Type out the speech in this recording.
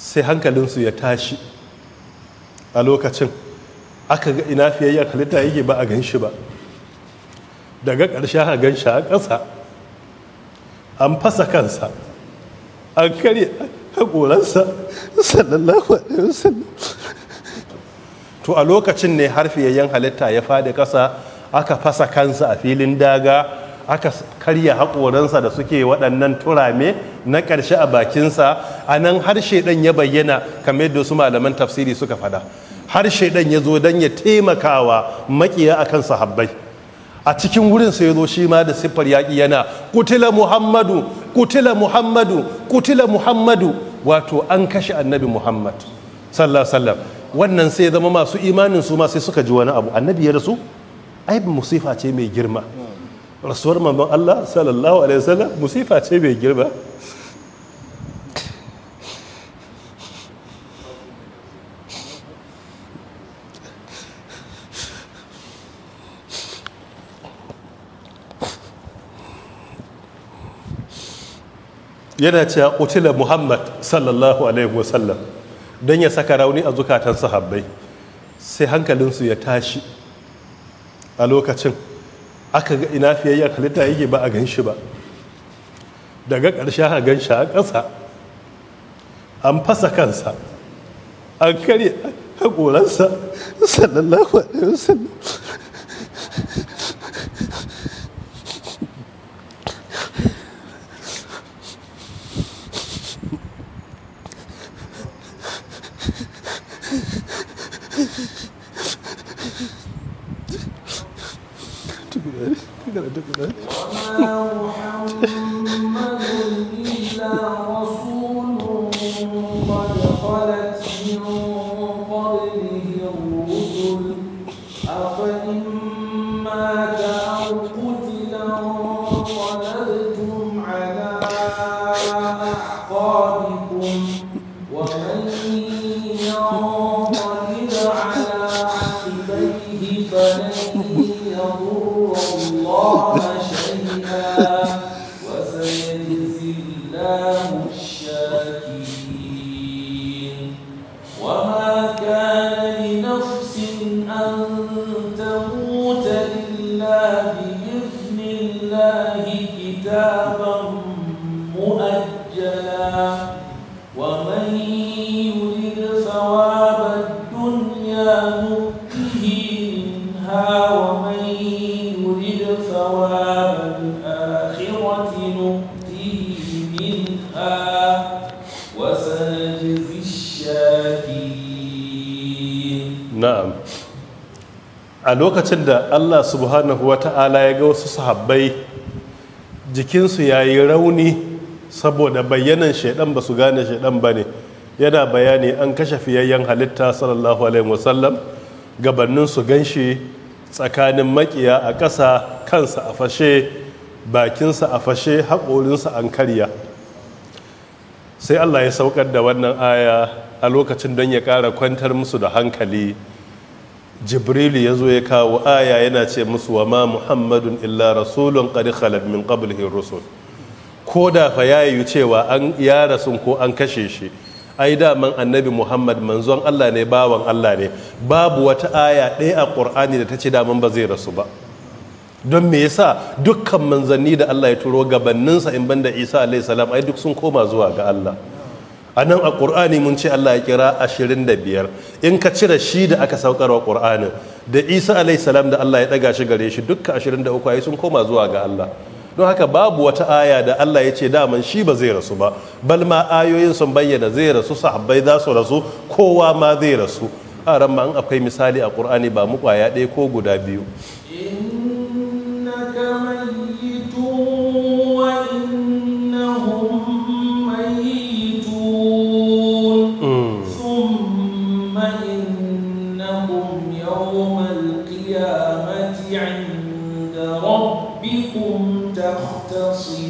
sai hankalinsu ya tashi a lokacin aka ga ina fiyayyar halitta yake ba a gan shi ba daga ƙarshen a gan shi a ƙasa an fasa kansa an kare haƙoransa sallallahu alaihi wasallam to a lokacin ne har fiyayyen halitta ya faɗi ƙasa aka fasa kansa a filin daga aka karya haƙoransa da suke waɗannan turame na ƙarshe a bakinsa a nan harshe ɗan ya bayyana kamar yadda su malaman tafsiri suka faɗa harshe ɗan ya zo don ya taimakawa maƙiya a kan sahabbai a cikin wurin sai zo shi ma da siffar yaƙi yana kutila muhammadu kutila muhammadu kutila muhammadu wato an kashe annabi muhammad sallallahu wannan sai zama masu imanin su ma sai suka ji wani abu annabi ya rasu ai musifa ce mai girma rasuwar mamman Allah sallallahu alaihi wasallam musifa ce bai girba yana cewa utila muhammad sallallahu alaihi wasallam don ya saka rauni a zukatan sahabbai sai hankalinsu ya tashi a lokacin aka ga ina fiyayya halitta yake ba a gan shi ba daga karshe a gan shi a ƙasa an fasa kansa an karya haƙoransa sannan Thank you. تقدر ادق وما محمد الا رسول قد خلت من قبله الرسل افان مات او قتل انقلبتم على اعقابكم ومن ينقلب على عقبيه فلن يضر الأرض وسيجزي الله الشاكرين وما كان كتابا a lokacin da allah subhanahu wa ta'ala ya ga wasu sahabbai jikinsu ya yi rauni saboda bayyanan shaidan ba su gane shaidan ba ne yana bayani an kashe fiyayyen halitta sallallahu alaihi wasallam gabanin su ganshi tsakanin makiya a ƙasa kansa a fashe bakinsa a fashe haƙorinsa an karya sai allah ya saukar da wannan aya a lokacin don ya ƙara kwantar musu da hankali jibrilu ya zo ya kawo aya yana ce musu wa ma muhammadun illa rasulun kadi khalad min qablihi rusul ko da fa ya yi cewa an ya rasun ko an kashe shi ai daman annabi muhammad manzon allah ne bawan allah ne babu wata aya ɗaya a ƙur'ani da ta ce daman ba zai rasu ba don me yasa dukkan manzanni da allah ya turo gabanninsa in banda isa alaihi salam ai duk sun koma zuwa ga allah a nan a ƙur'ani mun ce Allah ya kira ashirin da biyar in ka cire shi da aka saukarwa ƙur'anin da isa alaihissalam da Allah ya ɗaga shi gare shi dukka uku ayi sun koma zuwa ga Allah don haka babu wata aya da Allah ya ce daman shi ba zai rasu ba bal ma ayoyin sun bayyana zai rasu sahabbai za su rasu kowa ma zai rasu a ran ma an akwai misali a ƙur'ani ba mu ɗaya ko guda biyu يوم القيامة عند ربكم تختصم